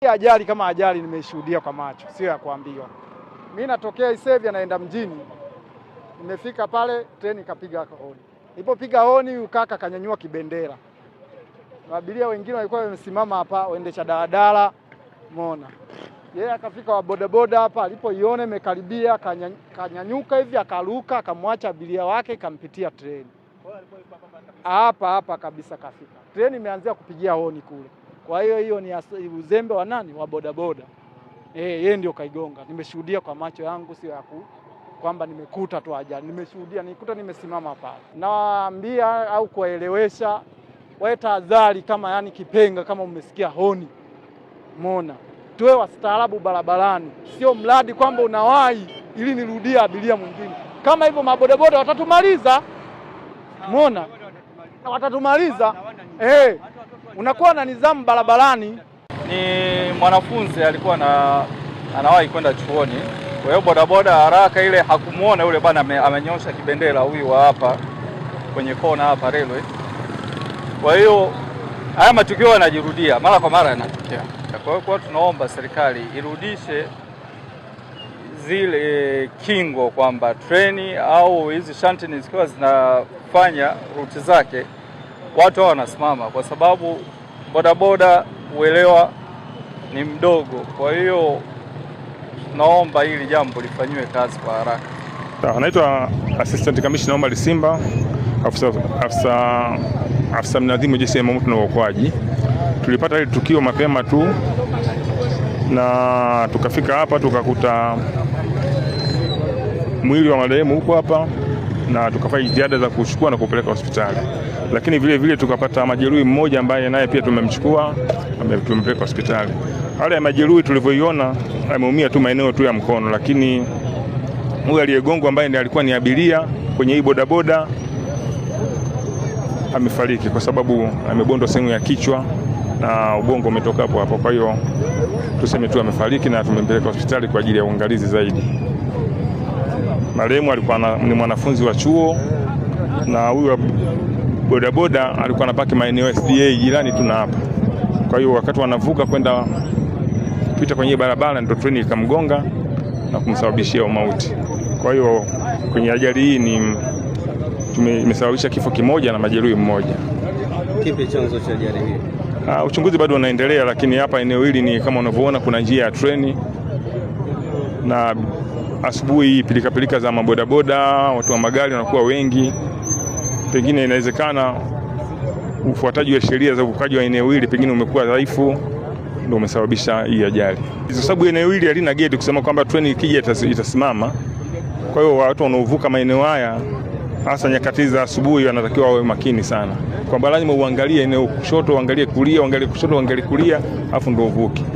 hii Ajali kama ajali nimeishuhudia kwa macho, sio ya kuambiwa. Mimi natokea Isevya naenda mjini, nimefika pale treni kapiga honi. Ilipopiga honi, ukaka kanyanyua kibendera, abiria wengine walikuwa wamesimama hapa, waendesha daladala mona yeye yeah, akafika wa bodaboda hapa, alipoiona imekaribia kanyanyuka hivi akaruka, akamwacha abiria wake, ikampitia treni hapa hapa kabisa. Kafika treni imeanzia kupigia honi kule. Kwa hiyo hiyo ni uzembe wa nani? Wa bodaboda. Eh, yeye ndio kaigonga. Nimeshuhudia kwa macho yangu, sio ya kwamba nimekuta tu ajali, nimeshuhudia, nikuta nimesimama pale. Nawaambia au kuwaelewesha wawe tahadhari, kama yani kipenga, kama umesikia honi, mona tuwe wastaarabu barabarani, sio mradi kwamba unawahi ili nirudie abiria mwingine. Kama hivyo mabodaboda watatumaliza, mona watatumaliza eh unakuwa na nidhamu barabarani. Ni mwanafunzi alikuwa na anawahi kwenda chuoni, kwa hiyo bodaboda haraka ile hakumwona yule bwana amenyosha kibendera huyu wa hapa kwenye kona hapa railway. Kwa hiyo haya matukio yanajirudia mara kwa mara yanatokea. Kwa hiyo kwa tunaomba serikali irudishe zile kingo kwamba treni au hizi shanti zikiwa zinafanya ruti zake watu hawa wanasimama, kwa sababu bodaboda uelewa ni mdogo. Kwa hiyo naomba hili jambo lifanyiwe kazi kwa haraka. Anaitwa Assistant Commissioner Omar Simba, afisa afisa afisa mnadhimu jeshi la zimamoto na uokoaji. Tulipata hili tukio mapema tu na tukafika hapa tukakuta mwili wa marehemu huko hapa, na tukafanya jitihada za kuchukua na kupeleka hospitali lakini vile vile tukapata majeruhi mmoja ambaye naye pia tumemchukua tumempeleka hospitali. Hali ya majeruhi tulivyoiona, ameumia tu maeneo tu ya mkono, lakini huyu aliyegongwa ambaye ndiye alikuwa ni abiria kwenye hii bodaboda amefariki kwa sababu amebondwa sehemu ya kichwa na ubongo umetoka hapo hapo. Kwa hiyo tuseme tu amefariki na tumempeleka hospitali kwa ajili ya uangalizi zaidi. Marehemu alikuwa ni mwanafunzi wa chuo na huyu bodaboda alikuwa anapaki maeneo SDA jirani tuna hapa. Kwa hiyo wakati wanavuka kwenda kupita kwenye barabara, ndio treni ikamgonga na kumsababishia umauti. Kwa hiyo kwenye ajali hii ni tumesababisha kifo kimoja na majeruhi mmoja. Kipi chanzo cha ajali hii? Uh, uchunguzi bado unaendelea, lakini hapa eneo hili ni kama unavyoona kuna njia ya treni na asubuhi hii pilikapilika za mabodaboda, watu wa magari wanakuwa wengi pengine inawezekana ufuataji wa sheria za uvukaji wa eneo hili pengine umekuwa dhaifu, ndio umesababisha hii ajali, kwa sababu eneo hili halina geti kusema kwamba treni ikija itasimama. Kwa hiyo watu wanaovuka maeneo haya hasa nyakati za asubuhi wanatakiwa wawe makini sana, kwamba lazima uangalie eneo kushoto, uangalie kulia, uangalie kushoto, uangalie kulia, afu ndio uvuke.